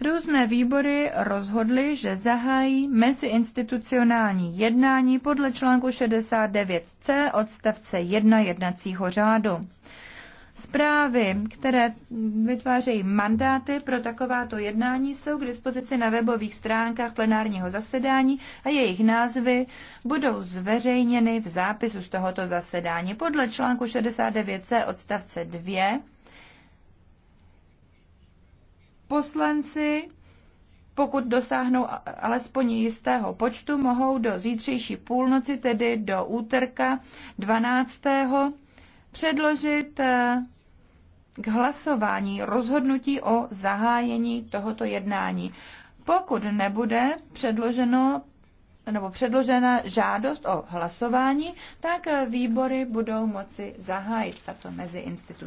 Různé výbory rozhodly, že zahájí meziinstitucionální jednání podle článku 69c odstavce 1 jednacího řádu. Zprávy, které vytvářejí mandáty pro takováto jednání, jsou k dispozici na webových stránkách plenárního zasedání a jejich názvy budou zveřejněny v zápisu z tohoto zasedání podle článku 69c odstavce 2 Poslanci, pokud dosáhnou alespoň jistého počtu, mohou do zítřejší půlnoci, tedy do úterka 12. předložit eh, k hlasování rozhodnutí o zahájení tohoto jednání. Pokud nebude předloženo nebo předložena žádost o hlasování, tak eh, výbory budou moci zahájit tato meziinstitucionální